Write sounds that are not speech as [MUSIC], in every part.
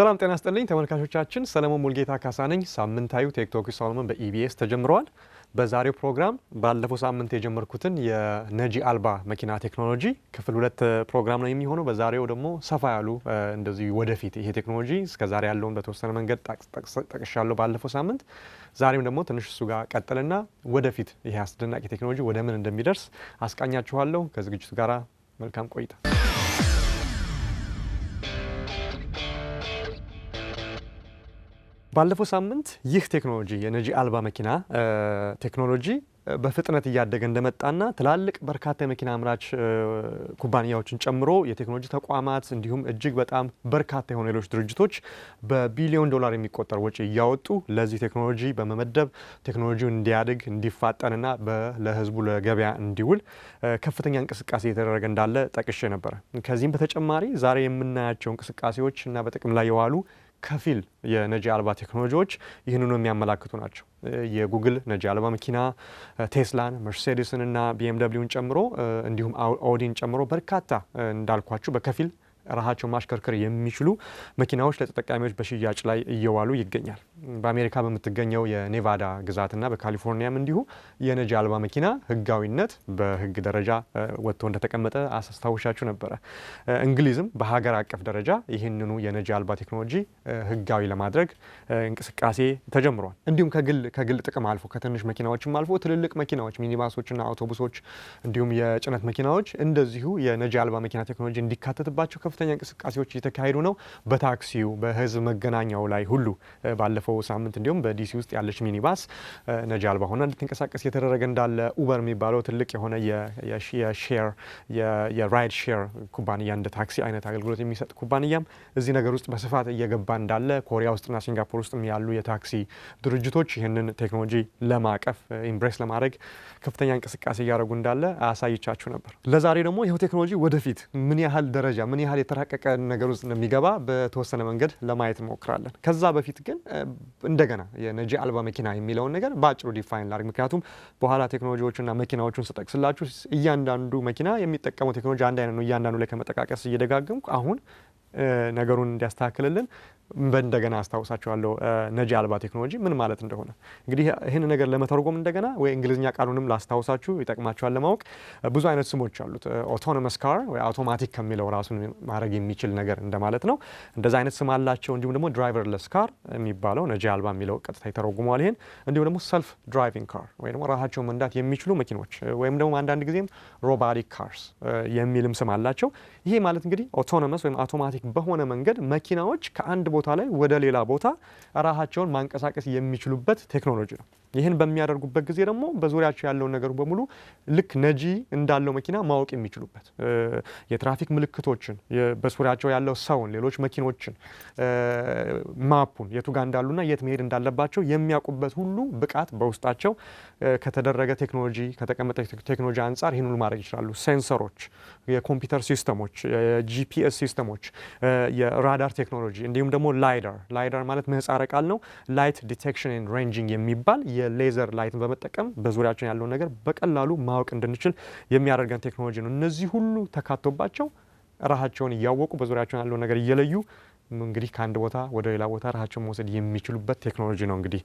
ሰላም ጤና ስጥልኝ ተመልካቾቻችን፣ ሰለሞን ሙልጌታ ካሳ ነኝ። ሳምንታዊ ቴክቶክ ሰሎሞን በኢቢኤስ ተጀምረዋል። በዛሬው ፕሮግራም ባለፈው ሳምንት የጀመርኩትን የነጂ አልባ መኪና ቴክኖሎጂ ክፍል ሁለት ፕሮግራም ነው የሚሆነው። በዛሬው ደግሞ ሰፋ ያሉ እንደዚህ ወደፊት ይሄ ቴክኖሎጂ እስከዛሬ ያለውን በተወሰነ መንገድ ጠቅሻለሁ ባለፈው ሳምንት። ዛሬም ደግሞ ትንሽ እሱ ጋር ቀጥልና ወደፊት ይሄ አስደናቂ ቴክኖሎጂ ወደ ምን እንደሚደርስ አስቃኛችኋለሁ። ከዝግጅቱ ጋር መልካም ቆይታ ባለፈው ሳምንት ይህ ቴክኖሎጂ የነጂ አልባ መኪና ቴክኖሎጂ በፍጥነት እያደገ እንደመጣና ትላልቅ በርካታ የመኪና አምራች ኩባንያዎችን ጨምሮ የቴክኖሎጂ ተቋማት እንዲሁም እጅግ በጣም በርካታ የሆኑ ሌሎች ድርጅቶች በቢሊዮን ዶላር የሚቆጠር ወጪ እያወጡ ለዚህ ቴክኖሎጂ በመመደብ ቴክኖሎጂውን እንዲያድግ እንዲፋጠንና ለሕዝቡ ለገበያ እንዲውል ከፍተኛ እንቅስቃሴ የተደረገ እንዳለ ጠቅሼ ነበረ። ከዚህም በተጨማሪ ዛሬ የምናያቸው እንቅስቃሴዎች እና በጥቅም ላይ የዋሉ ከፊል የነጂ አልባ ቴክኖሎጂዎች ይህንኑ የሚያመላክቱ ናቸው። የጉግል ነጂ አልባ መኪና ቴስላን፣ መርሴዲስን እና ቢኤምደብሊውን ጨምሮ እንዲሁም አውዲን ጨምሮ በርካታ እንዳልኳችሁ በከፊል ራሳቸውን ማሽከርከር የሚችሉ መኪናዎች ለተጠቃሚዎች በሽያጭ ላይ እየዋሉ ይገኛል። በአሜሪካ በምትገኘው የኔቫዳ ግዛትና በካሊፎርኒያም እንዲሁ የነጂ አልባ መኪና ሕጋዊነት በሕግ ደረጃ ወጥቶ እንደተቀመጠ አስታውሻችሁ ነበረ። እንግሊዝም በሀገር አቀፍ ደረጃ ይህንኑ የነጂ አልባ ቴክኖሎጂ ሕጋዊ ለማድረግ እንቅስቃሴ ተጀምሯል። እንዲሁም ከግል ከግል ጥቅም አልፎ ከትንሽ መኪናዎችም አልፎ ትልልቅ መኪናዎች ሚኒባሶችና አውቶቡሶች እንዲሁም የጭነት መኪናዎች እንደዚሁ የነጂ አልባ መኪና ቴክኖሎጂ እንዲካተትባቸው ከፍተኛ እንቅስቃሴዎች እየተካሄዱ ነው። በታክሲው በህዝብ መገናኛው ላይ ሁሉ ባለፈው ሳምንት እንዲሁም በዲሲ ውስጥ ያለች ሚኒባስ ነጂ አልባ ሆና እንድትንቀሳቀስ እየተደረገ እንዳለ ኡበር የሚባለው ትልቅ የሆነ የሼር የራይድ ሼር ኩባንያ እንደ ታክሲ አይነት አገልግሎት የሚሰጥ ኩባንያም እዚህ ነገር ውስጥ በስፋት እየገባ እንዳለ ኮሪያ ውስጥና ሲንጋፖር ውስጥ ያሉ የታክሲ ድርጅቶች ይህንን ቴክኖሎጂ ለማቀፍ ኢምብሬስ ለማድረግ ከፍተኛ እንቅስቃሴ እያደረጉ እንዳለ አሳይቻችሁ ነበር። ለዛሬ ደግሞ ይኸው ቴክኖሎጂ ወደፊት ምን ያህል ደረጃ ምን ያህል ያህል የተራቀቀ ነገር ውስጥ እንደሚገባ በተወሰነ መንገድ ለማየት እንሞክራለን። ከዛ በፊት ግን እንደገና የነጂ አልባ መኪና የሚለውን ነገር በአጭሩ ዲፋይን ላድርግ። ምክንያቱም በኋላ ቴክኖሎጂዎችና መኪናዎቹን ስጠቅስላችሁ እያንዳንዱ መኪና የሚጠቀመው ቴክኖሎጂ አንድ አይነት ነው። እያንዳንዱ ላይ ከመጠቃቀስ እየደጋገምኩ አሁን ነገሩን እንዲያስተካክልልን እንደገና አስታውሳቸዋለሁ ነጂ አልባ ቴክኖሎጂ ምን ማለት እንደሆነ እንግዲህ ይህን ነገር ለመተርጎም እንደገና ወይ እንግሊዝኛ ቃሉንም ላስታውሳችሁ ይጠቅማቸዋል ለማወቅ ብዙ አይነት ስሞች አሉት። ኦቶኖመስ ካር ወይ አውቶማቲክ ከሚለው ራሱን ማድረግ የሚችል ነገር እንደማለት ነው። እንደዚ አይነት ስም አላቸው። እንዲሁም ደግሞ ድራይቨርለስ ካር የሚባለው ነጂ አልባ የሚለው ቀጥታ ይተረጉመዋል። ይህን እንዲሁም ደግሞ ሰልፍ ድራይቪንግ ካር ወይ ደግሞ ራሳቸው መንዳት የሚችሉ መኪኖች ወይም ደግሞ አንዳንድ ጊዜም ሮባቲክ ካርስ የሚልም ስም አላቸው። ይሄ ማለት እንግዲህ ኦቶኖመስ ወይም አውቶማቲክ በሆነ መንገድ መኪናዎች ከአንድ ቦታ ቦታ ላይ ወደ ሌላ ቦታ ራሳቸውን ማንቀሳቀስ የሚችሉበት ቴክኖሎጂ ነው። ይህን በሚያደርጉበት ጊዜ ደግሞ በዙሪያቸው ያለውን ነገር በሙሉ ልክ ነጂ እንዳለው መኪና ማወቅ የሚችሉበት የትራፊክ ምልክቶችን፣ በዙሪያቸው ያለው ሰውን፣ ሌሎች መኪኖችን፣ ማፑን የቱ ጋር እንዳሉና የት መሄድ እንዳለባቸው የሚያውቁበት ሁሉ ብቃት በውስጣቸው ከተደረገ ቴክኖሎጂ ከተቀመጠ ቴክኖሎጂ አንጻር ይህን ሁሉ ማድረግ ይችላሉ። ሴንሰሮች፣ የኮምፒውተር ሲስተሞች፣ የጂፒኤስ ሲስተሞች፣ የራዳር ቴክኖሎጂ እንዲሁም ደግሞ ላይደር ላይደር ማለት ምህጻረ ቃል ነው ላይት ዲቴክሽን ኤንድ ሬንጂንግ የሚባል የሌዘር ላይትን በመጠቀም በዙሪያችን ያለውን ነገር በቀላሉ ማወቅ እንድንችል የሚያደርገን ቴክኖሎጂ ነው። እነዚህ ሁሉ ተካቶባቸው ራሳቸውን እያወቁ በዙሪያቸውን ያለውን ነገር እየለዩ እንግዲህ ከአንድ ቦታ ወደ ሌላ ቦታ ራሳቸውን መውሰድ የሚችሉበት ቴክኖሎጂ ነው እንግዲህ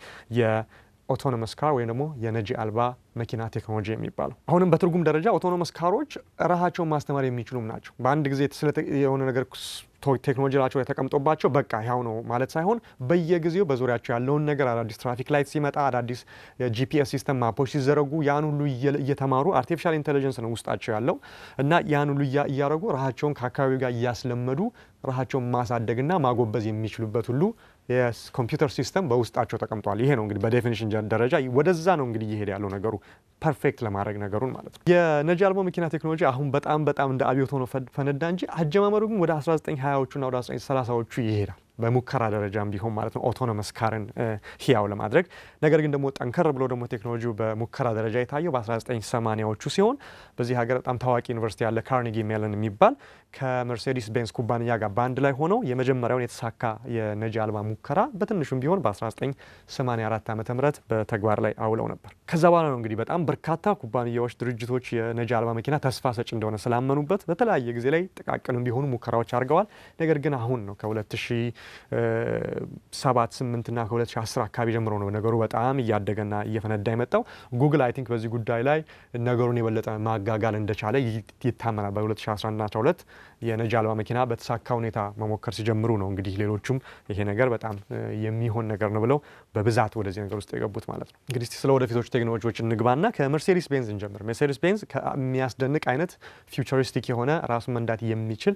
ኦቶኖመስ ካር ወይም ደግሞ የነጂ አልባ መኪና ቴክኖሎጂ የሚባለው አሁንም በትርጉም ደረጃ ኦቶኖመስ ካሮች ራሳቸውን ማስተማር የሚችሉም ናቸው። በአንድ ጊዜ የሆነ ነገር ቴክኖሎጂ ላቸው ተቀምጦባቸው በቃ ያው ነው ማለት ሳይሆን በየጊዜው በዙሪያቸው ያለውን ነገር አዳዲስ ትራፊክ ላይት ሲመጣ፣ አዳዲስ የጂፒኤስ ሲስተም ማፖች ሲዘረጉ ያን ሁሉ እየተማሩ አርቲፊሻል ኢንቴሊጀንስ ነው ውስጣቸው ያለው እና ያን ሁሉ እያደረጉ ራሳቸውን ከአካባቢው ጋር እያስለመዱ ራሳቸውን ማሳደግና ማጎበዝ የሚችሉበት ሁሉ የኮምፒውተር ሲስተም በውስጣቸው ተቀምጧል። ይሄ ነው እንግዲህ በዴፊኒሽን ደረጃ ወደዛ ነው እንግዲህ እየሄደ ያለው ነገሩ ፐርፌክት ለማድረግ ነገሩን ማለት ነው። የነጂ አልባ መኪና ቴክኖሎጂ አሁን በጣም በጣም እንደ አብዮት ሆኖ ፈነዳ እንጂ አጀማመሩ ግን ወደ 1920ዎቹና ወደ 1930ዎቹ ይሄዳል። በሙከራ ደረጃም ቢሆን ማለት ነው ኦቶኖመስ ካርን ህያው ለማድረግ ነገር ግን ደግሞ ጠንከር ብሎ ደግሞ ቴክኖሎጂው በሙከራ ደረጃ የታየው በ1980ዎቹ ሲሆን በዚህ ሀገር በጣም ታዋቂ ዩኒቨርሲቲ ያለ ካርኒጊ ሜለን የሚባል ከመርሴዲስ ቤንስ ኩባንያ ጋር በአንድ ላይ ሆነው የመጀመሪያውን የተሳካ የነጂ አልባ ሙከራ በትንሹም ቢሆን በ1984 ዓ ም በተግባር ላይ አውለው ነበር። ከዛ በኋላ ነው እንግዲህ በጣም በርካታ ኩባንያዎች፣ ድርጅቶች የነጂ አልባ መኪና ተስፋ ሰጭ እንደሆነ ስላመኑበት በተለያየ ጊዜ ላይ ጥቃቅንም ቢሆኑ ሙከራዎች አድርገዋል። ነገር ግን አሁን ነው ከ2000 ሰባት ስምንት ና ሺ አስር አካባቢ ጀምሮ ነው ነገሩ በጣም እያደገና እየፈነዳ የመጣው። ጉግል አይ ቲንክ በዚህ ጉዳይ ላይ ነገሩን የበለጠ ማጋጋል እንደቻለ ይታመናል። በ2011 ና 12 የነጂ አልባ መኪና በተሳካ ሁኔታ መሞከር ሲጀምሩ ነው እንግዲህ ሌሎቹም ይሄ ነገር በጣም የሚሆን ነገር ነው ብለው በብዛት ወደዚህ ነገር ውስጥ የገቡት ማለት ነው። እንግዲህ ስለ ወደፊቶች ቴክኖሎጂዎች እንግባና ከመርሴዲስ ቤንዝ እንጀምር። መርሴዲስ ቤንዝ ከሚያስደንቅ አይነት ፊውቸሪስቲክ የሆነ ራሱን መንዳት የሚችል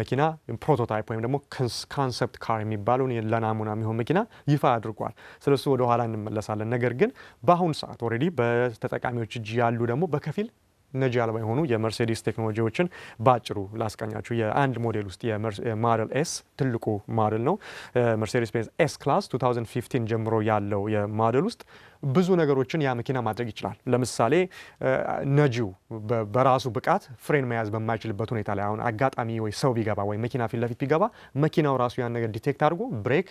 መኪና ፕሮቶታይፕ ወይም ደግሞ ካንሰ ኮንሰፕት ካር የሚባለውን ለናሙና የሚሆን መኪና ይፋ አድርጓል። ስለሱ ወደኋላ እንመለሳለን። ነገር ግን በአሁኑ ሰዓት ኦልሬዲ በተጠቃሚዎች እጅ ያሉ ደግሞ በከፊል ነጂ አልባ የሆኑ የመርሴዲስ ቴክኖሎጂዎችን ባጭሩ ላስቃኛችሁ። የአንድ ሞዴል ውስጥ የማደል ኤስ ትልቁ ማደል ነው። መርሴዲስ ቤንዝ ኤስ ክላስ 2015 ጀምሮ ያለው የማደል ውስጥ ብዙ ነገሮችን ያ መኪና ማድረግ ይችላል። ለምሳሌ ነጂው በራሱ ብቃት ፍሬን መያዝ በማይችልበት ሁኔታ ላይ አሁን አጋጣሚ ወይ ሰው ቢገባ ወይ መኪና ፊት ለፊት ቢገባ መኪናው ራሱ ያን ነገር ዲቴክት አድርጎ ብሬክ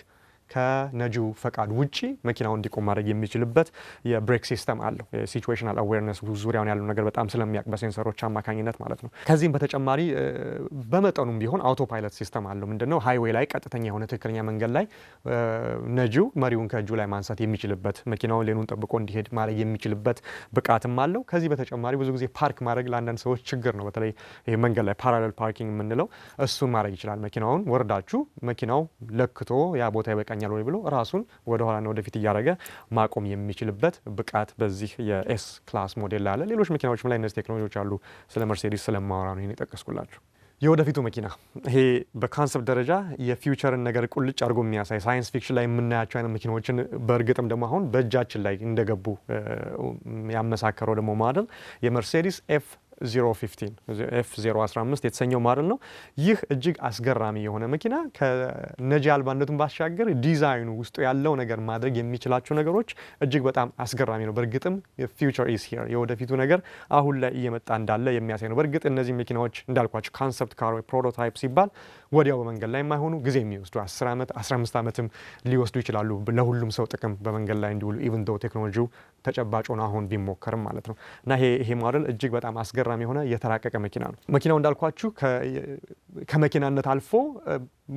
ከነጂው ፈቃድ ውጪ መኪናውን እንዲቆም ማድረግ የሚችልበት የብሬክ ሲስተም አለው። ሲቹዌሽናል አዌርነስ ዙሪያውን ያለው ነገር በጣም ስለሚያውቅ በሴንሰሮች አማካኝነት ማለት ነው። ከዚህም በተጨማሪ በመጠኑም ቢሆን አውቶ ፓይለት ሲስተም አለው። ምንድነው ሃይዌይ ላይ ቀጥተኛ የሆነ ትክክለኛ መንገድ ላይ ነጂው መሪውን ከእጁ ላይ ማንሳት የሚችልበት መኪናውን ሌኑን ጠብቆ እንዲሄድ ማድረግ የሚችልበት ብቃትም አለው። ከዚህ በተጨማሪ ብዙ ጊዜ ፓርክ ማድረግ ለአንዳንድ ሰዎች ችግር ነው። በተለይ ይህ መንገድ ላይ ፓራሌል ፓርኪንግ የምንለው እሱን ማድረግ ይችላል። መኪናውን ወርዳችሁ መኪናው ለክቶ ያ ቦታ ይበቃኛል ይገባኛል ወይ ብሎ ራሱን ወደኋላና ወደፊት እያደረገ ማቆም የሚችልበት ብቃት በዚህ የኤስ ክላስ ሞዴል አለ። ሌሎች መኪናዎችም ላይ እነዚህ ቴክኖሎጂዎች አሉ። ስለ መርሴዲስ ስለማወራ ነው የጠቀስኩላችሁ። የወደፊቱ መኪና ይሄ በካንሰፕት ደረጃ የፊውቸርን ነገር ቁልጭ አድርጎ የሚያሳይ ሳይንስ ፊክሽን ላይ የምናያቸው አይነት መኪናዎችን በእርግጥም ደግሞ አሁን በእጃችን ላይ እንደገቡ ያመሳከረው ደግሞ ማደል የመርሴዲስ ኤፍ ኤፍ 015 የተሰኘው ማደል ነው። ይህ እጅግ አስገራሚ የሆነ መኪና ከነጂ አልባነቱን ባሻገር ዲዛይኑ ውስጡ ያለው ነገር ማድረግ የሚችላቸው ነገሮች እጅግ በጣም አስገራሚ ነው። በእርግጥም ፊውቸር ኢስ ሂር የወደፊቱ ነገር አሁን ላይ እየመጣ እንዳለ የሚያሳይ ነው። በእርግጥ እነዚህ መኪናዎች እንዳልኳቸው ካንሰፕት ካር ፕሮቶታይፕ ሲባል ወዲያው በመንገድ ላይ የማይሆኑ ጊዜ የሚወስዱ 10 ዓመት 15 ዓመትም ሊወስዱ ይችላሉ ለሁሉም ሰው ጥቅም በመንገድ ላይ እንዲውሉ ኢቨን ዶ ቴክኖሎጂው ተጨባጭ አሁን ቢሞከርም ማለት ነው እና ይሄ ማደል እጅግ በጣም አስገራሚ አስገራሚ የሆነ የተራቀቀ መኪና ነው። መኪናው እንዳልኳችሁ ከመኪናነት አልፎ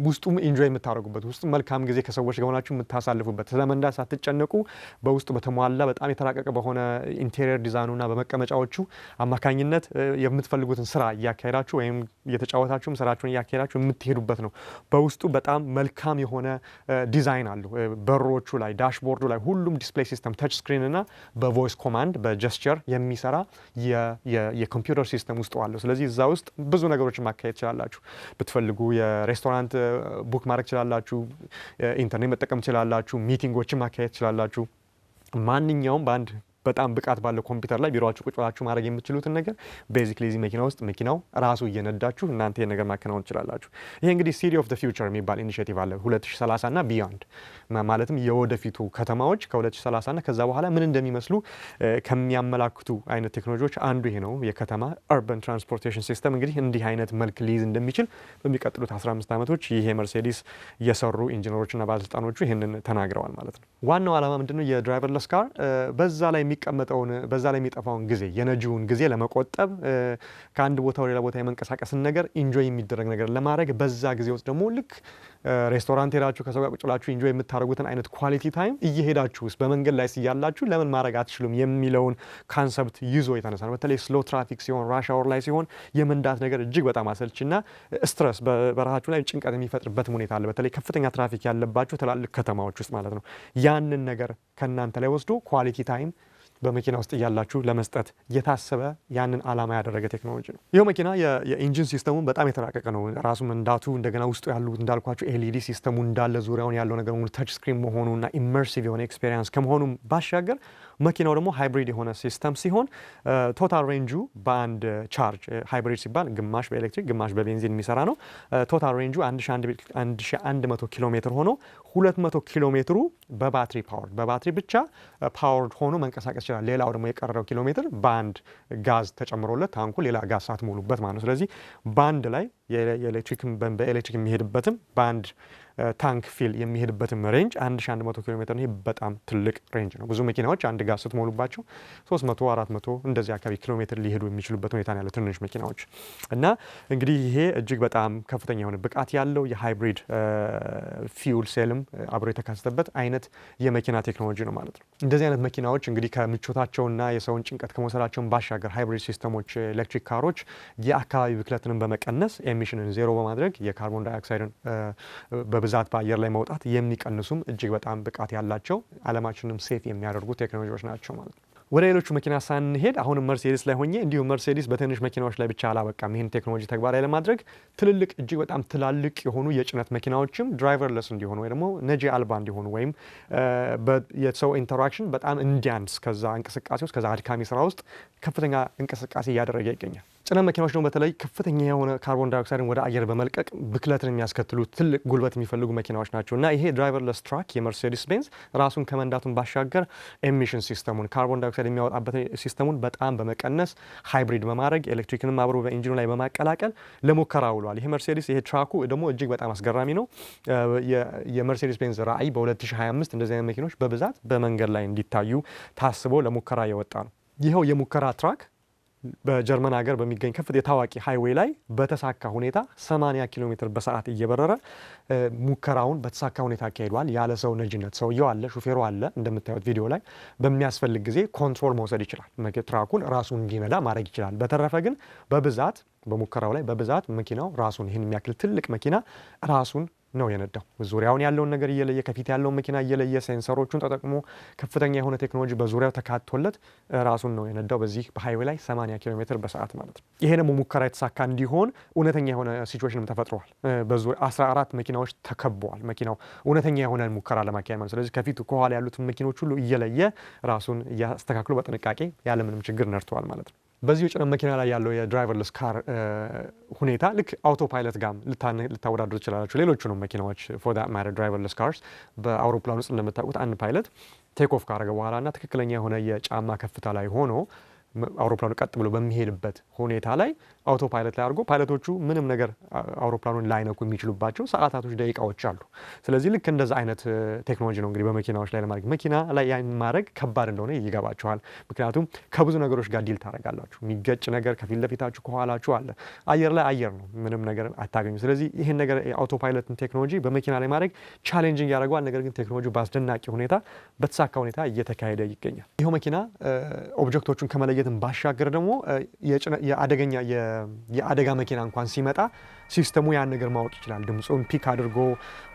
ውስጡም ኢንጆይ የምታደርጉበት ውስጡ መልካም ጊዜ ከሰዎች ጋር ሆናችሁ የምታሳልፉበት ስለ መንዳት ሳትጨነቁ በውስጡ በተሟላ በጣም የተራቀቀ በሆነ ኢንቴሪየር ዲዛይኑና በመቀመጫዎቹ አማካኝነት የምትፈልጉትን ስራ እያካሄዳችሁ ወይም እየተጫወታችሁም ስራችሁን እያካሄዳችሁ የምትሄዱበት ነው። በውስጡ በጣም መልካም የሆነ ዲዛይን አለው። በሮቹ ላይ፣ ዳሽቦርዱ ላይ ሁሉም ዲስፕሌይ ሲስተም ተች ስክሪን እና በቮይስ ኮማንድ በጀስቸር የሚሰራ የኮምፒውተር ሲስተም ውስጡ አለው። ስለዚህ እዛ ውስጥ ብዙ ነገሮች ማካሄድ ትችላላችሁ። ብትፈልጉ የሬስቶራንት ቡክ ማድረግ ችላላችሁ፣ ኢንተርኔት መጠቀም ችላላችሁ፣ ሚቲንጎችን ማካሄድ ችላላችሁ። ማንኛውም በአንድ በጣም ብቃት ባለው ኮምፒውተር ላይ ቢሮችሁ ቁጭ ብላችሁ ማድረግ የምትችሉትን ነገር ቤዚክሊ እዚህ መኪና ውስጥ መኪናው ራሱ እየነዳችሁ እናንተ ይሄ ነገር ማከናወን ትችላላችሁ። ይሄ እንግዲህ ሲቲ ኦፍ ዘ ፊውቸር የሚባል ኢኒሽቲቭ አለ 2030 እና ቢያንድ ማለትም የወደፊቱ ከተማዎች ከ2030 እና ከዛ በኋላ ምን እንደሚመስሉ ከሚያመላክቱ አይነት ቴክኖሎጂዎች አንዱ ይሄ ነው። የከተማ አርበን ትራንስፖርቴሽን ሲስተም እንግዲህ እንዲህ አይነት መልክ ሊይዝ እንደሚችል በሚቀጥሉት 15 ዓመቶች ይሄ መርሴዲስ የሰሩ ኢንጂነሮችና ባለስልጣኖቹ ይህንን ተናግረዋል ማለት ነው። ዋናው ዓላማ ምንድነው የድራይቨርለስ ካር በዛ ላይ የሚቀመጠውን በዛ ላይ የሚጠፋውን ጊዜ የነጂውን ጊዜ ለመቆጠብ ከአንድ ቦታ ወደ ሌላ ቦታ የመንቀሳቀስን ነገር ኢንጆይ የሚደረግ ነገር ለማድረግ በዛ ጊዜ ውስጥ ደግሞ ልክ ሬስቶራንት ሄዳችሁ ከሰው ጋር ቁጭ ብላችሁ ኢንጆይ የምታደርጉትን አይነት ኳሊቲ ታይም እየሄዳችሁ ውስጥ በመንገድ ላይ ስያላችሁ ለምን ማድረግ አትችሉም የሚለውን ካንሰፕት ይዞ የተነሳ ነው። በተለይ ስሎ ትራፊክ ሲሆን ራሽ አወር ላይ ሲሆን የመንዳት ነገር እጅግ በጣም አሰልችና ስትረስ በራሳችሁ ላይ ጭንቀት የሚፈጥርበትም ሁኔታ አለ። በተለይ ከፍተኛ ትራፊክ ያለባችሁ ትላልቅ ከተማዎች ውስጥ ማለት ነው። ያንን ነገር ከእናንተ ላይ ወስዶ ኳሊቲ ታይም በመኪና ውስጥ እያላችሁ ለመስጠት የታሰበ ያንን አላማ ያደረገ ቴክኖሎጂ ነው። ይህ መኪና የኢንጂን ሲስተሙን በጣም የተራቀቀ ነው። ራሱ መንዳቱ እንደገና ውስጡ ያሉ እንዳልኳቸው ኤልኢዲ ሲስተሙ እንዳለ ዙሪያውን ያለው ነገር ሙሉ ተች ስክሪን እና ኢመርሲቭ የሆነ ኤክስፔሪንስ ከመሆኑም ባሻገር መኪናው ደግሞ ሃይብሪድ የሆነ ሲስተም ሲሆን ቶታል ሬንጁ በአንድ ቻርጅ ሃይብሪድ ሲባል ግማሽ በኤሌክትሪክ ግማሽ በቤንዚን የሚሰራ ነው። ቶታል ሬንጁ 1100 ኪሎ ሜትር ሆኖ 200 ኪሎ ሜትሩ በባትሪ ፓወር በባትሪ ብቻ ፓወርድ ሆኖ መንቀሳቀስ ይችላል። ሌላው ደግሞ የቀረው ኪሎ ሜትር በአንድ ጋዝ ተጨምሮለት ታንኩ ሌላ ጋዝ ሳትሞሉበት ማለት ነው። ስለዚህ በአንድ ላይ በኤሌክትሪክ የሚሄድበትም በአንድ ታንክ ፊል የሚሄድበትም ሬንጅ 1100 ኪሎ ሜትር ነው። በጣም ትልቅ ሬንጅ ነው። ብዙ መኪናዎች አንድ ጋር ስትሞሉባቸው 300፣ 400 እንደዚህ አካባቢ ኪሎ ሜትር ሊሄዱ የሚችሉበት ሁኔታ ነው ያለው ትንንሽ መኪናዎች እና እንግዲህ ይሄ እጅግ በጣም ከፍተኛ የሆነ ብቃት ያለው የሃይብሪድ ፊውል ሴልም አብሮ የተካተተበት አይነት የመኪና ቴክኖሎጂ ነው ማለት ነው። እንደዚህ አይነት መኪናዎች እንግዲህ ከምቾታቸውና የሰውን ጭንቀት ከመውሰዳቸውን ባሻገር ሃይብሪድ ሲስተሞች ኤሌክትሪክ ካሮች የአካባቢ ብክለትንም በመቀነስ ኤሚሽንን ዜሮ በማድረግ የካርቦን ዳይኦክሳይድን በብዛት በአየር ላይ መውጣት የሚቀንሱም እጅግ በጣም ብቃት ያላቸው አለማችንም ሴፍ የሚያደርጉ ቴክኖሎጂዎች ናቸው ማለት ነው። ወደ ሌሎቹ መኪና ሳንሄድ አሁንም መርሴዲስ ላይ ሆኜ እንዲሁም መርሴዲስ በትንሽ መኪናዎች ላይ ብቻ አላበቃም። ይህን ቴክኖሎጂ ተግባራዊ ለማድረግ ትልልቅ እጅግ በጣም ትላልቅ የሆኑ የጭነት መኪናዎችም ድራይቨርለስ እንዲሆኑ ወይ ደግሞ ነጂ አልባ እንዲሆኑ ወይም የሰው ኢንተራክሽን በጣም እንዲያንስ ከዛ እንቅስቃሴ ውስጥ ከዛ አድካሚ ስራ ውስጥ ከፍተኛ እንቅስቃሴ እያደረገ ይገኛል። ጭነት መኪናዎች ደግሞ በተለይ ከፍተኛ የሆነ ካርቦን ዳይኦክሳይድን ወደ አየር በመልቀቅ ብክለትን የሚያስከትሉ ትልቅ ጉልበት የሚፈልጉ መኪናዎች ናቸው እና ይሄ ድራይቨርለስ ትራክ የመርሴዲስ ቤንዝ ራሱን ከመንዳቱን ባሻገር ኤሚሽን ሲስተሙን ካርቦን ዳይኦክሳይድ የሚያወጣበት ሲስተሙን በጣም በመቀነስ ሃይብሪድ በማድረግ ኤሌክትሪክንም አብሮ በኢንጂኑ ላይ በማቀላቀል ለሙከራ ውሏል። ይሄ መርሴዲስ ይሄ ትራኩ ደግሞ እጅግ በጣም አስገራሚ ነው። የመርሴዲስ ቤንዝ ራዕይ በ2025 እንደዚህ አይነት መኪኖች በብዛት በመንገድ ላይ እንዲታዩ ታስቦ ለሙከራ የወጣ ነው። ይኸው የሙከራ ትራክ በጀርመን ሀገር በሚገኝ ከፍት የታዋቂ ሃይዌይ ላይ በተሳካ ሁኔታ 80 ኪሎ ሜትር በሰዓት እየበረረ ሙከራውን በተሳካ ሁኔታ አካሂዷል። ያለ ሰው ነጅነት ሰውየው አለ፣ ሹፌሩ አለ። እንደምታዩት ቪዲዮ ላይ በሚያስፈልግ ጊዜ ኮንትሮል መውሰድ ይችላል። ትራኩን ራሱን እንዲነዳ ማድረግ ይችላል። በተረፈ ግን በብዛት በሙከራው ላይ በብዛት መኪናው ራሱን ይህን የሚያክል ትልቅ መኪና ራሱን ነው የነዳው። ዙሪያውን ያለውን ነገር እየለየ ከፊት ያለውን መኪና እየለየ ሴንሰሮቹን ተጠቅሞ ከፍተኛ የሆነ ቴክኖሎጂ በዙሪያው ተካቶለት ራሱን ነው የነዳው በዚህ በሀይዌ ላይ 80 ኪሎ ሜትር በሰዓት ማለት ነው። ይሄ ደግሞ ሙከራ የተሳካ እንዲሆን እውነተኛ የሆነ ሲቹዌሽንም ተፈጥረዋል። በዙሪያ 14 መኪናዎች ተከበዋል። መኪናው እውነተኛ የሆነ ሙከራ ለማካሄድ ማለት ስለዚህ ከፊቱ ከኋላ ያሉትን መኪኖች ሁሉ እየለየ ራሱን እያስተካክሎ በጥንቃቄ ያለምንም ችግር ነድተዋል ማለት ነው። በዚህ የጭነት መኪና ላይ ያለው የድራይቨርለስ ካር ሁኔታ ልክ አውቶ ፓይለት ጋም ልታወዳድሩ ትችላላችሁ። ነው መኪናዎች ፎር ድራይቨርለስ ካርስ በአውሮፕላን ውስጥ እንደምታውቁት አንድ ፓይለት ቴክ ኦፍ ካረገ በኋላ እና ትክክለኛ የሆነ የጫማ ከፍታ ላይ ሆኖ አውሮፕላኑ ቀጥ ብሎ በሚሄድበት ሁኔታ ላይ አውቶ ፓይለት ላይ አድርጎ ፓይለቶቹ ምንም ነገር አውሮፕላኑን ላይነኩ የሚችሉባቸው ሰዓታቶች፣ ደቂቃዎች አሉ። ስለዚህ ልክ እንደዛ አይነት ቴክኖሎጂ ነው እንግዲህ በመኪናዎች ላይ ለማድረግ መኪና ላይ ያን ማድረግ ከባድ እንደሆነ ይገባችኋል። ምክንያቱም ከብዙ ነገሮች ጋር ዲል ታደርጋላችሁ። የሚገጭ ነገር ከፊት ለፊታችሁ ከኋላችሁ አለ። አየር ላይ አየር ነው፣ ምንም ነገር አታገኙ። ስለዚህ ይህን ነገር የአውቶ ፓይለትን ቴክኖሎጂ በመኪና ላይ ማድረግ ቻሌንጅንግ ያደርገዋል። ነገር ግን ቴክኖሎጂ በአስደናቂ ሁኔታ በተሳካ ሁኔታ እየተካሄደ ይገኛል። ይኸው መኪና ኦብጀክቶቹን ከመለየትን ባሻገር ደግሞ የአደገኛ የአደጋ መኪና እንኳን ሲመጣ ሲስተሙ ያን ነገር ማወቅ ይችላል። ድምፁን ፒክ አድርጎ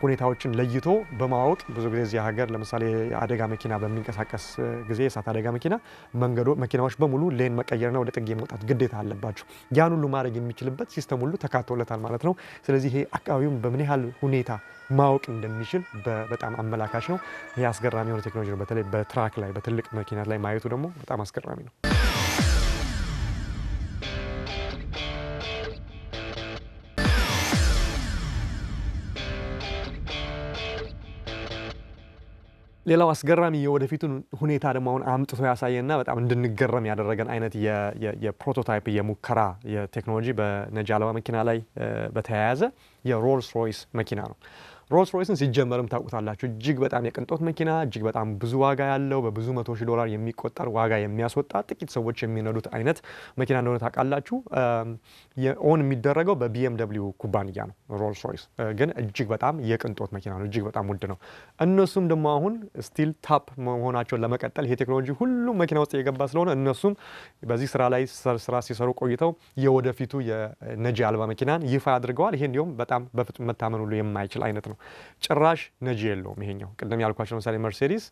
ሁኔታዎችን ለይቶ በማወቅ ብዙ ጊዜ እዚህ ሀገር ለምሳሌ የአደጋ መኪና በሚንቀሳቀስ ጊዜ የእሳት አደጋ መኪና መንገዶ መኪናዎች በሙሉ ሌን መቀየርና ወደ ጥግ መውጣት ግዴታ አለባቸው። ያን ሁሉ ማድረግ የሚችልበት ሲስተም ሁሉ ተካቶለታል ማለት ነው። ስለዚህ ይሄ አካባቢውን በምን ያህል ሁኔታ ማወቅ እንደሚችል በጣም አመላካች ነው። ይህ አስገራሚ የሆነ ቴክኖሎጂ ነው። በተለይ በትራክ ላይ በትልቅ መኪናት ላይ ማየቱ ደግሞ በጣም አስገራሚ ነው። ሌላው አስገራሚ የወደፊቱን ሁኔታ ደግሞ አሁን አምጥቶ ያሳየና በጣም እንድንገረም ያደረገን አይነት የፕሮቶታይፕ የሙከራ የቴክኖሎጂ በነጂ አልባ መኪና ላይ በተያያዘ የሮልስ ሮይስ መኪና ነው። ሮልስ ሮይስን ሲጀመርም ታውቁታላችሁ። እጅግ በጣም የቅንጦት መኪና፣ እጅግ በጣም ብዙ ዋጋ ያለው በብዙ መቶ ሺህ ዶላር የሚቆጠር ዋጋ የሚያስወጣ ጥቂት ሰዎች የሚነዱት አይነት መኪና እንደሆነ ታውቃላችሁ። ኦን የሚደረገው በቢኤም ኩባንያ ነው። ሮልስ ሮይስ ግን እጅግ በጣም የቅንጦት መኪና ነው፣ እጅግ በጣም ውድ ነው። እነሱም ደግሞ አሁን ስቲል ታፕ መሆናቸውን ለመቀጠል ይሄ ቴክኖሎጂ ሁሉም መኪና ውስጥ እየገባ ስለሆነ እነሱም በዚህ ስራ ላይ ስራ ሲሰሩ ቆይተው የወደፊቱ የነጂ አልባ መኪናን ይፋ አድርገዋል። ይሄ እንዲሁም በጣም በፍጹም መታመን ሁሉ የማይችል አይነት ነው። ጭራሽ ነጂ የለውም። ይሄኛው ቅድም ያልኳቸው ለምሳሌ መርሴዲስ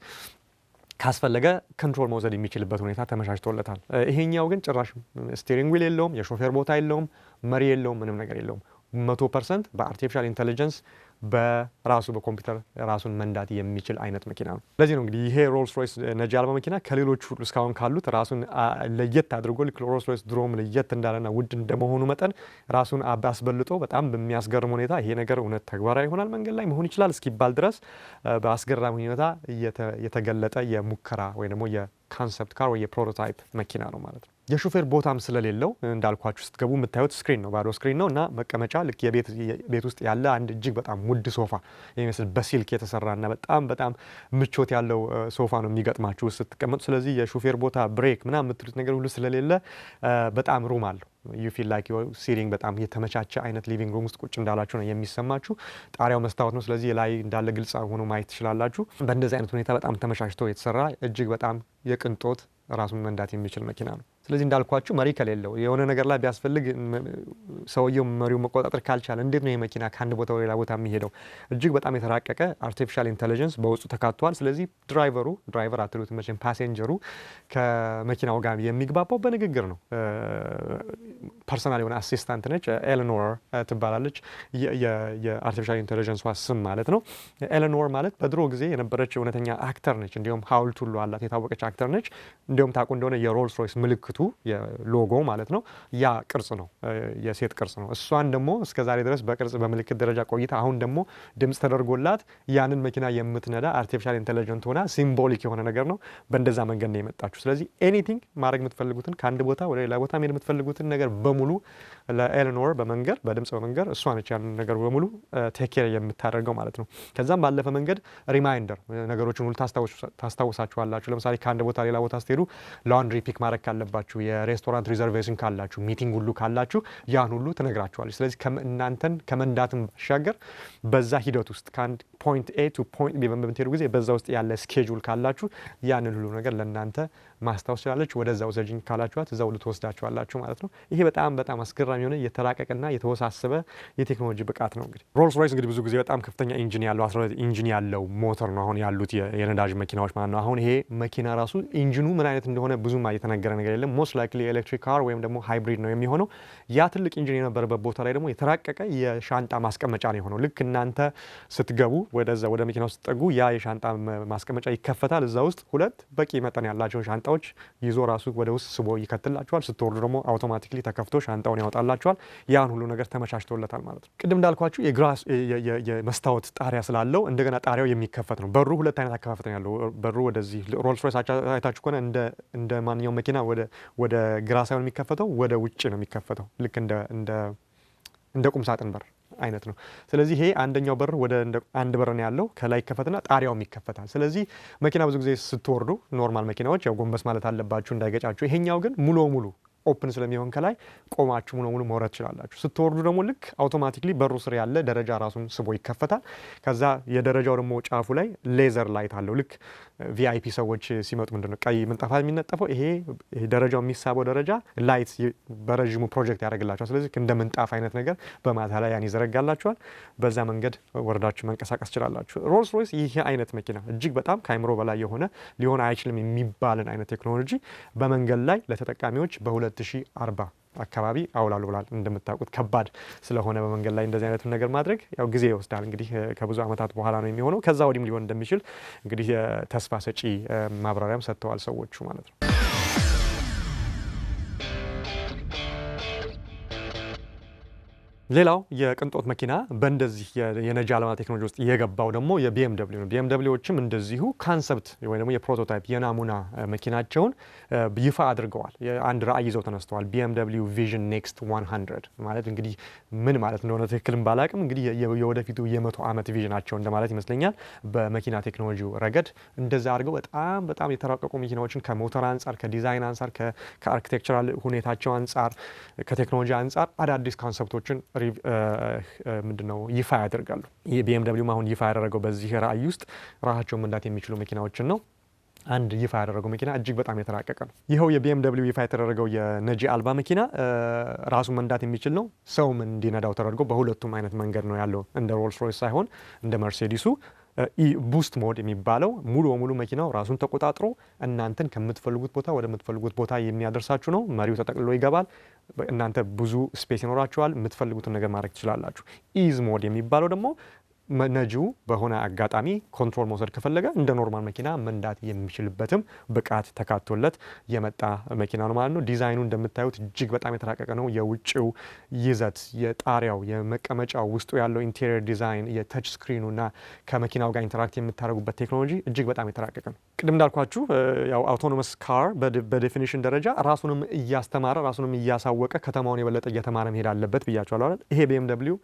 ካስፈለገ ኮንትሮል መውሰድ የሚችልበት ሁኔታ ተመቻችቶለታል። ይሄኛው ግን ጭራሽ ስቴሪንግ ዊል የለውም፣ የሾፌር ቦታ የለውም፣ መሪ የለውም፣ ምንም ነገር የለውም። መቶ ፐርሰንት በአርቲፊሻል ኢንቴሊጀንስ በራሱ በኮምፒውተር ራሱን መንዳት የሚችል አይነት መኪና ነው። ለዚህ ነው እንግዲህ ይሄ ሮልስ ሮይስ ነጂ አልባ መኪና ከሌሎች ሁሉ እስካሁን ካሉት ራሱን ለየት አድርጎ ሮልስ ሮይስ ድሮም ለየት እንዳለና ውድ እንደመሆኑ መጠን ራሱን አስበልጦ በጣም በሚያስገርም ሁኔታ ይሄ ነገር እውነት ተግባራዊ ይሆናል መንገድ ላይ መሆን ይችላል እስኪባል ድረስ በአስገራሚ ሁኔታ የተገለጠ የሙከራ ወይ ደግሞ የካንሰፕት ካር ወይ የፕሮቶታይፕ መኪና ነው ማለት ነው። የሹፌር ቦታም ስለሌለው እንዳልኳችሁ ስትገቡ የምታዩት ስክሪን ነው፣ ባዶ ስክሪን ነው እና መቀመጫ ልክ የቤት ውስጥ ያለ አንድ እጅግ በጣም ውድ ሶፋ የሚመስል በሲልክ የተሰራና በጣም በጣም ምቾት ያለው ሶፋ ነው የሚገጥማችሁ ስትቀመጡ። ስለዚህ የሹፌር ቦታ ብሬክ ምናምን የምትሉት ነገር ሁሉ ስለሌለ በጣም ሩም አለው። ዩ ፊል ላይክ ሲሪንግ በጣም የተመቻቸ አይነት ሊቪንግ ሩም ውስጥ ቁጭ እንዳላችሁ ነው የሚሰማችሁ። ጣሪያው መስታወት ነው፣ ስለዚህ ላይ እንዳለ ግልጽ ሆኖ ማየት ትችላላችሁ። በእንደዚህ አይነት ሁኔታ በጣም ተመቻችቶ የተሰራ እጅግ በጣም የቅንጦት ራሱን መንዳት የሚችል መኪና ነው። ስለዚህ እንዳልኳችሁ መሪ ከሌለው የሆነ ነገር ላይ ቢያስፈልግ ሰውየው መሪው መቆጣጠር ካልቻለ እንዴት ነው የመኪና ከአንድ ቦታ ወደ ሌላ ቦታ የሚሄደው? እጅግ በጣም የተራቀቀ አርቲፊሻል ኢንቴሊጀንስ በውስጡ ተካቷል። ስለዚህ ድራይቨሩ ድራይቨር አትሉት መቼም ፓሴንጀሩ ከመኪናው ጋር የሚግባባው በንግግር ነው። ፐርሰናል የሆነ አሲስታንት ነች። ኤሌኖር ትባላለች የአርቲፊሻል ኢንቴሊጀንሷ ስም ማለት ነው። ኤሌኖር ማለት በድሮ ጊዜ የነበረች እውነተኛ አክተር ነች። እንዲሁም ሀውልት ሁሉ አላት። የታወቀች አክተር ነች። እንዲሁም ታውቁ እንደሆነ የሮልስ ሮይስ ምልክቱ የፊቱ ሎጎ ማለት ነው። ያ ቅርጽ ነው፣ የሴት ቅርጽ ነው። እሷን ደግሞ እስከ ዛሬ ድረስ በቅርጽ በምልክት ደረጃ ቆይታ አሁን ደግሞ ድምፅ ተደርጎላት ያንን መኪና የምትነዳ አርቲፊሻል ኢንቴሊጀንት ሆና ሲምቦሊክ የሆነ ነገር ነው። በእንደዛ መንገድ ነው የመጣችሁ። ስለዚህ ኤኒቲንግ ማድረግ የምትፈልጉትን ከአንድ ቦታ ወደ ሌላ ቦታ ሄድ የምትፈልጉትን ነገር በሙሉ ለኤሌኖር በመንገድ በድምፅ በመንገድ እሷ ነች ያንን ነገር በሙሉ ቴኬር የምታደርገው ማለት ነው። ከዛም ባለፈ መንገድ ሪማይንደር ነገሮችን ሁሉ ታስታውሳችኋላችሁ። ለምሳሌ ከአንድ ቦታ ሌላ ቦታ ስትሄዱ ላውንድሪ ፒክ ማድረግ ካለባችሁ፣ የሬስቶራንት ሪዘርቬሽን ካላችሁ፣ ሚቲንግ ሁሉ ካላችሁ ያን ሁሉ ትነግራችኋለች። ስለዚህ እናንተን ከመንዳትም ባሻገር በዛ ሂደት ውስጥ ፖይንት ኤ ቱ ፖይንት ቢ በምትሄዱ ጊዜ በዛ ውስጥ ያለ ስኬጁል ካላችሁ ያንን ሁሉ ነገር ለእናንተ ማስታወስ ችላለች። ወደዛ ውሰጅኝ ካላችኋት እዛው ልትወስዳችኋላችሁ ማለት ነው። ይሄ በጣም በጣም አስገራሚ የሆነ የተራቀቀና የተወሳሰበ የቴክኖሎጂ ብቃት ነው። እንግዲህ ሮልስ ሮይስ እንግዲህ ብዙ ጊዜ በጣም ከፍተኛ ኢንጂን ያለው አስራ ሁለት ኢንጂን ያለው ሞተር ነው አሁን ያሉት የነዳጅ መኪናዎች ማለት ነው። አሁን ይሄ መኪና ራሱ ኢንጂኑ ምን አይነት እንደሆነ ብዙም የተነገረ ነገር የለም። ሞስት ላይክሊ ኤሌክትሪክ ካር ወይም ደግሞ ሃይብሪድ ነው የሚሆነው። ያ ትልቅ ኢንጂን የነበረበት ቦታ ላይ ደግሞ የተራቀቀ የሻንጣ ማስቀመጫ ነው የሆነው ልክ እናንተ ስትገቡ ወደዛ ወደ መኪና ውስጥ ጠጉ። ያ የሻንጣ ማስቀመጫ ይከፈታል። እዛ ውስጥ ሁለት በቂ መጠን ያላቸው ሻንጣዎች ይዞ ራሱ ወደ ውስጥ ስቦ ይከትላቸዋል። ስትወርዱ ደግሞ አውቶማቲክሊ ተከፍቶ ሻንጣውን ያወጣላቸዋል። ያን ሁሉ ነገር ተመቻችቶለታል ማለት ነው። ቅድም እንዳልኳችሁ የግራስ የመስታወት ጣሪያ ስላለው እንደገና ጣሪያው የሚከፈት ነው። በሩ ሁለት አይነት አከፋፈት ነው ያለው። በሩ ወደዚህ ሮልስ ሮይስ አይታችሁ ከሆነ እንደ ማንኛውም መኪና ወደ ግራ ሳይሆን የሚከፈተው ወደ ውጭ ነው የሚከፈተው ልክ እንደ ቁም ሳጥን በር አይነት ነው። ስለዚህ ይሄ አንደኛው በር ወደ አንድ በር ነው ያለው። ከላይ ይከፈትና ጣሪያውም ይከፈታል። ስለዚህ መኪና ብዙ ጊዜ ስትወርዱ ኖርማል መኪናዎች ያው ጎንበስ ማለት አለባችሁ እንዳይገጫችሁ። ይሄኛው ግን ሙሉ ሙሉ ኦፕን ስለሚሆን ከላይ ቆማችሁ ሙሉ ሙሉ መውረድ ትችላላችሁ። ስትወርዱ ደግሞ ልክ አውቶማቲክሊ በሩ ስር ያለ ደረጃ ራሱን ስቦ ይከፈታል። ከዛ የደረጃው ደግሞ ጫፉ ላይ ሌዘር ላይት አለው ልክ ቪአይፒ ሰዎች ሲመጡ ምንድ ነው ቀይ ምንጣፋ የሚነጠፈው? ይሄ ደረጃው የሚሳበው ደረጃ ላይት በረዥሙ ፕሮጀክት ያደርግላቸዋል። ስለዚህ እንደ ምንጣፍ አይነት ነገር በማታ ላይ ያን ይዘረጋላቸዋል። በዛ መንገድ ወረዳችሁ መንቀሳቀስ ችላላችሁ። ሮልስ ሮይስ ይህ አይነት መኪና እጅግ በጣም ከአይምሮ በላይ የሆነ ሊሆን አይችልም የሚባልን አይነት ቴክኖሎጂ በመንገድ ላይ ለተጠቃሚዎች በ2040 አካባቢ አውላሉ ብሏል። እንደምታውቁት ከባድ ስለሆነ በመንገድ ላይ እንደዚህ አይነቱን ነገር ማድረግ ያው ጊዜ ይወስዳል። እንግዲህ ከብዙ ዓመታት በኋላ ነው የሚሆነው። ከዛ ወዲህም ሊሆን እንደሚችል እንግዲህ ተስፋ ሰጪ ማብራሪያም ሰጥተዋል ሰዎቹ ማለት ነው። ሌላው የቅንጦት መኪና በእንደዚህ የነጂ ዓለማ ቴክኖሎጂ ውስጥ የገባው ደግሞ የቢኤም ነው። ቢኤም ደብሊዎችም እንደዚሁ ካንሰፕት ወይ ደግሞ የፕሮቶታይፕ የናሙና መኪናቸውን ይፋ አድርገዋል። አንድ ራዕይ ይዘው ተነስተዋል። ቢኤም ቪዥን ኔክስት 100 ማለት እንግዲህ ምን ማለት እንደሆነ ትክክልም ባላቅም እንግዲህ የወደፊቱ የመቶ ዓመት ቪዥናቸው እንደማለት ይመስለኛል። በመኪና ቴክኖሎጂው ረገድ እንደዛ አድርገው በጣም በጣም የተራቀቁ መኪናዎችን ከሞተር አንጻር፣ ከዲዛይን አንጻር፣ ከአርኪቴክቸራል ሁኔታቸው አንጻር፣ ከቴክኖሎጂ አንጻር አዳዲስ ካንሰፕቶችን ምንድነው ይፋ ያደርጋሉ። ቢኤምደብሊውም አሁን ይፋ ያደረገው በዚህ ራዕይ ውስጥ ራሳቸውን መንዳት የሚችሉ መኪናዎችን ነው። አንድ ይፋ ያደረገው መኪና እጅግ በጣም የተራቀቀ ነው። ይኸው የቢኤምደብሊው ይፋ የተደረገው የነጂ አልባ መኪና ራሱ መንዳት የሚችል ነው። ሰውም እንዲነዳው ተደርጎ በሁለቱም አይነት መንገድ ነው ያለው። እንደ ሮልስ ሮይስ ሳይሆን እንደ መርሴዲሱ ቡስት ሞድ የሚባለው ሙሉ በሙሉ መኪናው ራሱን ተቆጣጥሮ እናንተን ከምትፈልጉት ቦታ ወደምትፈልጉት ቦታ የሚያደርሳችሁ ነው። መሪው ተጠቅልሎ ይገባል። እናንተ ብዙ ስፔስ ይኖራችኋል። የምትፈልጉትን ነገር ማድረግ ትችላላችሁ። ኢዝ ሞድ የሚባለው ደግሞ ነጂው በሆነ አጋጣሚ ኮንትሮል መውሰድ ከፈለገ እንደ ኖርማል መኪና መንዳት የሚችልበትም ብቃት ተካቶለት የመጣ መኪና ነው ማለት ነው። ዲዛይኑ እንደምታዩት እጅግ በጣም የተራቀቀ ነው። የውጭው ይዘት፣ የጣሪያው፣ የመቀመጫው፣ ውስጡ ያለው ኢንቴሪየር ዲዛይን፣ የተች ስክሪኑና ከመኪናው ጋር ኢንተራክት የምታደርጉበት ቴክኖሎጂ እጅግ በጣም የተራቀቀ ነው። ቅድም እንዳልኳችሁ ያው አውቶኖመስ ካር በዴፊኒሽን ደረጃ ራሱንም እያስተማረ ራሱንም እያሳወቀ ከተማውን የበለጠ እየተማረ መሄድ አለበት ብያቸዋለሁ። ይሄ ቢኤምደብሊው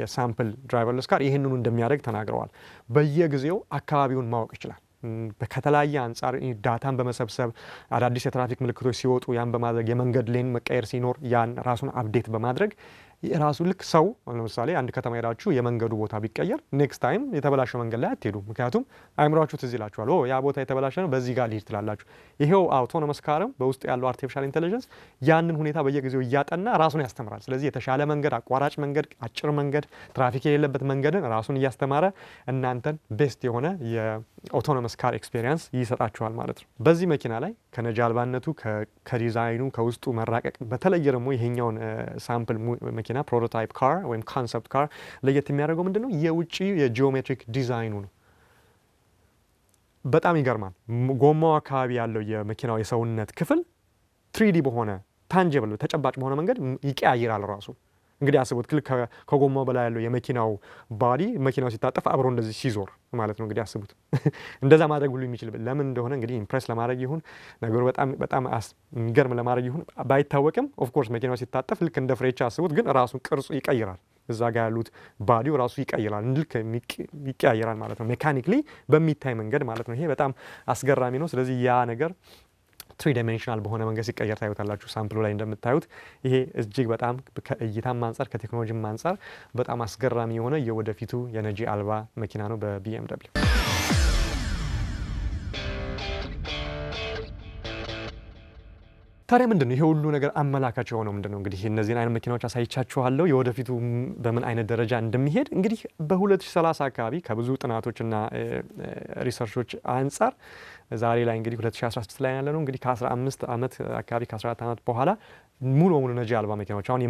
የሳምፕል ድራይቨርለስ ካር ይህንኑ እንደሚያደርግ ተናግረዋል። በየጊዜው አካባቢውን ማወቅ ይችላል። ከተለያየ አንጻር ዳታን በመሰብሰብ አዳዲስ የትራፊክ ምልክቶች ሲወጡ ያን በማድረግ የመንገድ ሌን መቀየር ሲኖር ያን ራሱን አብዴት በማድረግ የራሱ ልክ ሰው ለምሳሌ አንድ ከተማ ሄዳችሁ የመንገዱ ቦታ ቢቀየር ኔክስት ታይም የተበላሸው መንገድ ላይ አትሄዱ። ምክንያቱም አይምሯችሁ ትዝ ይላችኋል፣ ያ ቦታ የተበላሸ ነው፣ በዚህ ጋር ልሄድ ትላላችሁ። ይሄው አውቶኖመስ ካርም በውስጡ ያለው አርቲፊሻል ኢንቴሊጀንስ ያንን ሁኔታ በየጊዜው እያጠና ራሱን ያስተምራል። ስለዚህ የተሻለ መንገድ፣ አቋራጭ መንገድ፣ አጭር መንገድ፣ ትራፊክ የሌለበት መንገድን ራሱን እያስተማረ እናንተን ቤስት የሆነ የአውቶኖመስ ካር ኤክስፔሪንስ ይሰጣችኋል ማለት ነው። በዚህ መኪና ላይ ከነጃልባነቱ አልባነቱ ከዲዛይኑ ከውስጡ መራቀቅ በተለየ ደግሞ ይሄኛውን ሳምፕል መኪና ፕሮቶታይፕ ካር ወይም ኮንሰፕት ካር ለየት የሚያደርገው ምንድን ነው? የውጭ የጂኦሜትሪክ ዲዛይኑ ነው። በጣም ይገርማል። ጎማው አካባቢ ያለው የመኪናው የሰውነት ክፍል ትሪዲ በሆነ ታንጀብል ተጨባጭ በሆነ መንገድ ይቀያይራል ራሱ እንግዲህ አስቡት ክልክ ከጎማው በላይ ያለው የመኪናው ባዲ መኪናው ሲታጠፍ አብሮ እንደዚህ ሲዞር ማለት ነው። እንግዲህ አስቡት [LAUGHS] እንደዛ ማድረግ ሁሉ የሚችል ለምን እንደሆነ እንግዲህ ኢምፕሬስ ለማድረግ ይሁን ነገሩ በጣም በጣም የሚገርም ለማድረግ ይሁን ባይታወቅም፣ ኦፍኮርስ መኪናው ሲታጠፍ ልክ እንደ ፍሬቻ አስቡት፣ ግን ራሱን ቅርጹ ይቀይራል። እዛ ጋር ያሉት ባዲው ራሱ ይቀይራል፣ ልክ ይቀያየራል ማለት ነው። ሜካኒክሊ በሚታይ መንገድ ማለት ነው። ይሄ በጣም አስገራሚ ነው። ስለዚህ ያ ነገር ትሪ ዳይሜንሽናል በሆነ መንገድ ሲቀየር ታዩታላችሁ። ሳምፕሉ ላይ እንደምታዩት ይሄ እጅግ በጣም ከእይታም አንጻር ከቴክኖሎጂም አንጻር በጣም አስገራሚ የሆነ የወደፊቱ የነጂ አልባ መኪና ነው በቢኤምደብሊው። ታዲያ ምንድን ነው ይሄ ሁሉ ነገር አመላካች የሆነው ምንድን ነው? እንግዲህ እነዚህን አይነት መኪናዎች አሳይቻችኋለሁ። የወደፊቱ በምን አይነት ደረጃ እንደሚሄድ እንግዲህ በ2030 አካባቢ ከብዙ ጥናቶችና ሪሰርቾች አንጻር ዛሬ ላይ እንግዲህ 2016 ላይ ያለ ነው እንግዲህ ከ15 ዓመት አካባቢ ከ14 ዓመት በኋላ ሙሉ በሙሉ ነጂ አልባ መኪናዎች አሁን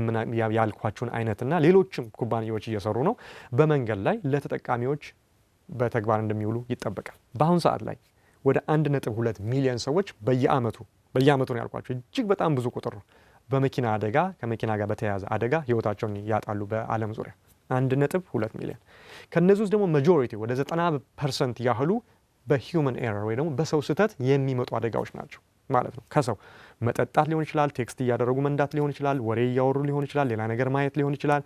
ያልኳችሁን አይነትና ሌሎችም ኩባንያዎች እየሰሩ ነው በመንገድ ላይ ለተጠቃሚዎች በተግባር እንደሚውሉ ይጠበቃል። በአሁኑ ሰዓት ላይ ወደ 1.2 ሚሊዮን ሰዎች በየአመቱ በየአመቱ ነው ያልኳቸው እጅግ በጣም ብዙ ቁጥር ነው በመኪና አደጋ ከመኪና ጋር በተያያዘ አደጋ ህይወታቸውን ያጣሉ በዓለም ዙሪያ 1.2 ሚሊዮን ከነዚህ ውስጥ ደግሞ መጆሪቲ ወደ 90 ፐርሰንት ያህሉ በሂውመን ኤረር ወይ ደግሞ በሰው ስህተት የሚመጡ አደጋዎች ናቸው ማለት ነው። ከሰው መጠጣት ሊሆን ይችላል፣ ቴክስት እያደረጉ መንዳት ሊሆን ይችላል፣ ወሬ እያወሩ ሊሆን ይችላል፣ ሌላ ነገር ማየት ሊሆን ይችላል፣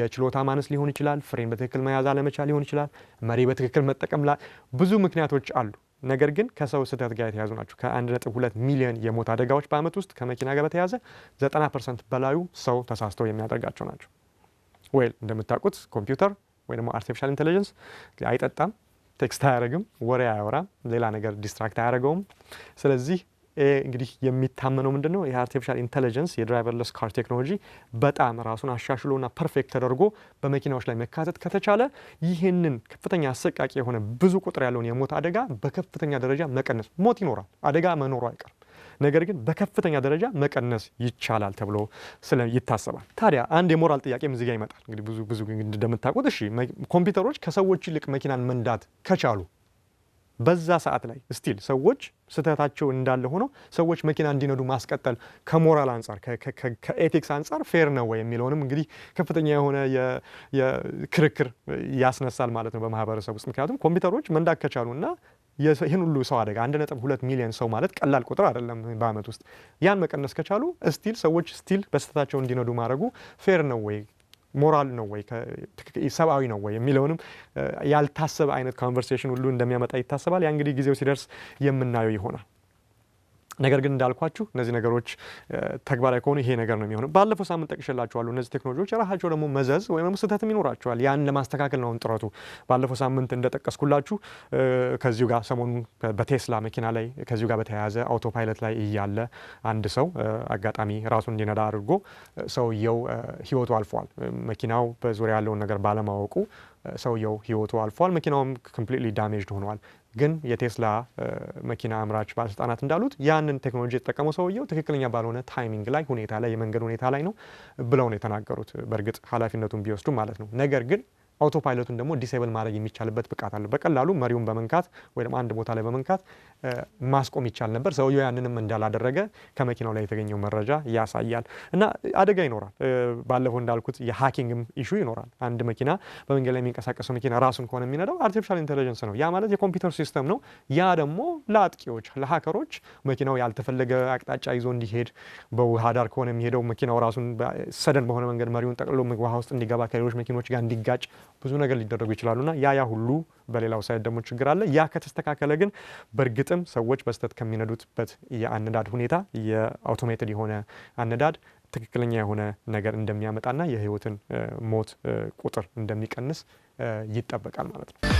የችሎታ ማነስ ሊሆን ይችላል፣ ፍሬን በትክክል መያዝ አለመቻ ሊሆን ይችላል፣ መሪ በትክክል መጠቀም ላይ ብዙ ምክንያቶች አሉ። ነገር ግን ከሰው ስህተት ጋር የተያዙ ናቸው። ከ1.2 ሚሊዮን የሞት አደጋዎች በአመት ውስጥ ከመኪና ጋር በተያዘ 90 ፐርሰንት በላዩ ሰው ተሳስተው የሚያደርጋቸው ናቸው። ወይ እንደምታውቁት ኮምፒውተር ወይ ደግሞ አርቲፊሻል ኢንቴሊጀንስ አይጠጣም፣ ቴክስት አያደረግም ወሬ አያወራም፣ ሌላ ነገር ዲስትራክት አያደረገውም። ስለዚህ ይሄ እንግዲህ የሚታመነው ምንድን ነው? የአርቲፊሻል አርቲፊሻል ኢንቴሊጀንስ የድራይቨርለስ ካር ቴክኖሎጂ በጣም ራሱን አሻሽሎና ፐርፌክት ተደርጎ በመኪናዎች ላይ መካተት ከተቻለ ይህንን ከፍተኛ አሰቃቂ የሆነ ብዙ ቁጥር ያለውን የሞት አደጋ በከፍተኛ ደረጃ መቀነስ ሞት ይኖራል፣ አደጋ መኖሩ አይቀር ነገር ግን በከፍተኛ ደረጃ መቀነስ ይቻላል ተብሎ ይታሰባል። ታዲያ አንድ የሞራል ጥያቄም እዚጋ ጋ ይመጣል። እንግዲህ ብዙ ብዙ እንደምታውቁት እሺ ኮምፒውተሮች ከሰዎች ይልቅ መኪናን መንዳት ከቻሉ በዛ ሰዓት ላይ ስቲል ሰዎች ስህተታቸው እንዳለ ሆነው ሰዎች መኪና እንዲነዱ ማስቀጠል ከሞራል አንጻር ከኤቲክስ አንጻር ፌር ነው ወይ የሚለውንም እንግዲህ ከፍተኛ የሆነ ክርክር ያስነሳል ማለት ነው በማህበረሰብ ውስጥ። ምክንያቱም ኮምፒውተሮች መንዳት ከቻሉ እና ይህን ሁሉ ሰው አደጋ 1.2 ሚሊዮን ሰው ማለት ቀላል ቁጥር አይደለም በአመት ውስጥ ያን መቀነስ ከቻሉ ስቲል ሰዎች ስቲል በስህተታቸው እንዲነዱ ማድረጉ ፌር ነው ወይ ሞራል ነው ወይ ሰብአዊ ነው ወይ የሚለውንም ያልታሰበ አይነት ኮንቨርሴሽን ሁሉ እንደሚያመጣ ይታሰባል። ያ እንግዲህ ጊዜው ሲደርስ የምናየው ይሆናል። ነገር ግን እንዳልኳችሁ እነዚህ ነገሮች ተግባራዊ ከሆኑ ይሄ ነገር ነው የሚሆነው። ባለፈው ሳምንት ጠቅሼላችኋለሁ። እነዚህ ቴክኖሎጂዎች የራሳቸው ደግሞ መዘዝ ወይም ደግሞ ስህተትም ይኖራቸዋል። ያን ለማስተካከል ነው ጥረቱ። ባለፈው ሳምንት እንደጠቀስኩላችሁ ከዚሁ ጋር ሰሞኑን በቴስላ መኪና ላይ ከዚሁ ጋር በተያያዘ አውቶ ፓይለት ላይ እያለ አንድ ሰው አጋጣሚ ራሱን እንዲነዳ አድርጎ ሰውየው ህይወቱ አልፏል። መኪናው በዙሪያ ያለውን ነገር ባለማወቁ ሰውየው ህይወቱ አልፏል። መኪናውም ኮምፕሊትሊ ዳሜጅድ ሆኗል። ግን የቴስላ መኪና አምራች ባለስልጣናት እንዳሉት ያንን ቴክኖሎጂ የተጠቀመው ሰውየው ትክክለኛ ባልሆነ ታይሚንግ ላይ ሁኔታ ላይ የመንገድ ሁኔታ ላይ ነው ብለው ነው የተናገሩት። በእርግጥ ኃላፊነቱን ቢወስዱ ማለት ነው። ነገር ግን አውቶ ፓይለቱን ደግሞ ዲሴብል ማድረግ የሚቻልበት ብቃት አለው። በቀላሉ መሪውን በመንካት ወይ ደግሞ አንድ ቦታ ላይ በመንካት ማስቆም ይቻል ነበር። ሰውየው ያንንም እንዳላደረገ ከመኪናው ላይ የተገኘው መረጃ ያሳያል። እና አደጋ ይኖራል። ባለፈው እንዳልኩት የሃኪንግም ኢሹ ይኖራል። አንድ መኪና በመንገድ ላይ የሚንቀሳቀሰው መኪና ራሱን ከሆነ የሚነዳው አርቲፊሻል ኢንቴሊጀንስ ነው። ያ ማለት የኮምፒውተር ሲስተም ነው። ያ ደግሞ ለአጥቂዎች ለሀከሮች መኪናው ያልተፈለገ አቅጣጫ ይዞ እንዲሄድ በውሃ ዳር ከሆነ የሚሄደው መኪናው ራሱን ሰደን በሆነ መንገድ መሪውን ጠቅሎ ውሃ ውስጥ እንዲገባ ከሌሎች መኪኖች ጋር እንዲጋጭ ብዙ ነገር ሊደረጉ ይችላሉና ያ ያ ሁሉ በሌላው ሳይድ ደግሞ ችግር አለ። ያ ከተስተካከለ ግን በእርግጥም ሰዎች በስተት ከሚነዱትበት የአነዳድ ሁኔታ የአውቶሜትድ የሆነ አነዳድ ትክክለኛ የሆነ ነገር እንደሚያመጣና የህይወትን ሞት ቁጥር እንደሚቀንስ ይጠበቃል ማለት ነው።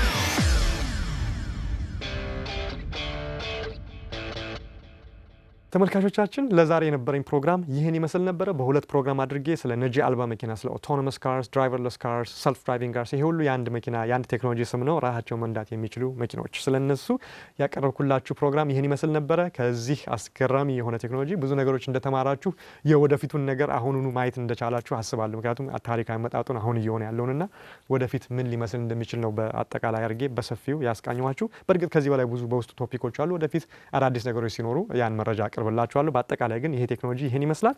ተመልካቾቻችን ለዛሬ የነበረኝ ፕሮግራም ይህን ይመስል ነበረ። በሁለት ፕሮግራም አድርጌ ስለ ነጂ አልባ መኪና፣ ስለ ኦቶኖመስ ካርስ፣ ድራይቨርለስ ካርስ፣ ሰልፍ ድራይቪንግ ካርስ፣ ይሄ ሁሉ የአንድ መኪና የአንድ ቴክኖሎጂ ስም ነው። ራሳቸው መንዳት የሚችሉ መኪናዎች ስለ እነሱ ያቀረብኩላችሁ ፕሮግራም ይህን ይመስል ነበረ። ከዚህ አስገራሚ የሆነ ቴክኖሎጂ ብዙ ነገሮች እንደተማራችሁ የወደፊቱን ነገር አሁኑኑ ማየት እንደቻላችሁ አስባለሁ። ምክንያቱም ታሪካዊ መጣጡን አሁን እየሆነ ያለውንና ወደፊት ምን ሊመስል እንደሚችል ነው በአጠቃላይ አድርጌ በሰፊው ያስቃኘኋችሁ። በእርግጥ ከዚህ በላይ ብዙ በውስጡ ቶፒኮች አሉ። ወደፊት አዳዲስ ነገሮች ሲኖሩ ያን መረጃ አቀርብላችኋለሁ። በአጠቃላይ ግን ይሄ ቴክኖሎጂ ይህን ይመስላል።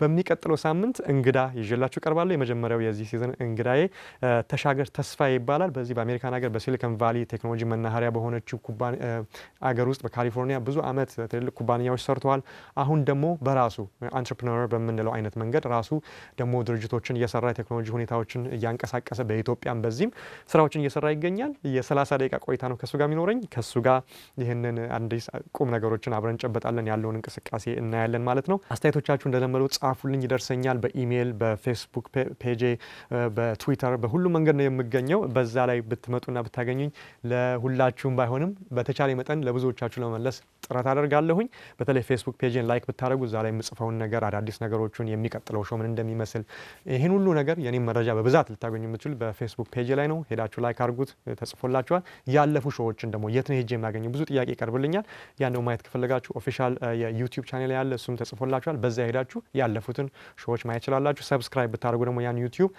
በሚቀጥለው ሳምንት እንግዳ ይዤላችሁ እቀርባለሁ። የመጀመሪያው የዚህ ሲዝን እንግዳዬ ተሻገር ተስፋ ይባላል። በዚህ በአሜሪካን ሀገር በሲሊኮን ቫሊ ቴክኖሎጂ መናኸሪያ በሆነችው አገር ውስጥ በካሊፎርኒያ ብዙ ዓመት ትልልቅ ኩባንያዎች ሰርተዋል። አሁን ደግሞ በራሱ አንትርፕነር በምንለው አይነት መንገድ ራሱ ደግሞ ድርጅቶችን እየሰራ የቴክኖሎጂ ሁኔታዎችን እያንቀሳቀሰ በኢትዮጵያም በዚህም ስራዎችን እየሰራ ይገኛል። የ30 ደቂቃ ቆይታ ነው ከሱ ጋር የሚኖረኝ። ከሱ ጋር ይህንን አዲስ ቁም ነገሮችን አብረን እንጨበጣለን ያለውን እንቅስቃሴ እናያለን ማለት ነው። አስተያየቶቻችሁ እንደለመደው ጻፉልኝ፣ ይደርሰኛል። በኢሜይል፣ በፌስቡክ ፔጄ፣ በትዊተር በሁሉም መንገድ ነው የምገኘው። በዛ ላይ ብትመጡና ብታገኙኝ ለሁላችሁም ባይሆንም በተቻለ መጠን ለብዙዎቻችሁ ለመመለስ ጥረት አደርጋለሁኝ። በተለይ ፌስቡክ ፔጅን ላይክ ብታደርጉ እዛ ላይ የምጽፈውን ነገር አዳዲስ ነገሮቹን የሚቀጥለው ሾ እንደሚመስል ይህን ሁሉ ነገር የኔም መረጃ በብዛት ልታገኙ የምትችሉ በፌስቡክ ፔጅ ላይ ነው። ሄዳችሁ ላይክ አድርጉት፣ ተጽፎላችኋል። ያለፉ ሾዎችን ደግሞ የት ነው ሄጄ የማገኘው ብዙ ጥያቄ ይቀርብልኛል። ያን ማየት ከፈለጋችሁ ኦፊሻል ዩቲዩብ ቻኔል ያለ እሱም ተጽፎላችኋል። በዚያ ሄዳችሁ ያለፉትን ሾዎች ማየት ችላላችሁ። ሰብስክራይብ ብታደርጉ ደግሞ ያን ዩቲዩብ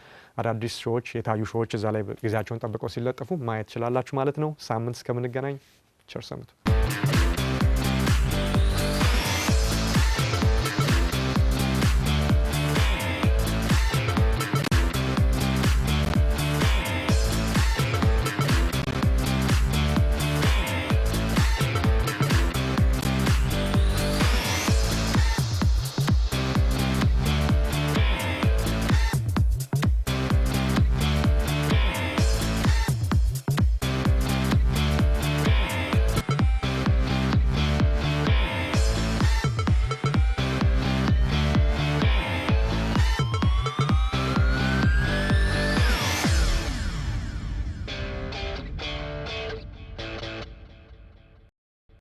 አዳዲስ ሾዎች፣ የታዩ ሾዎች እዛ ላይ ጊዜያቸውን ጠብቀው ሲለጠፉ ማየት ችላላችሁ ማለት ነው። ሳምንት እስከምንገናኝ ቸር ሰንብቱ።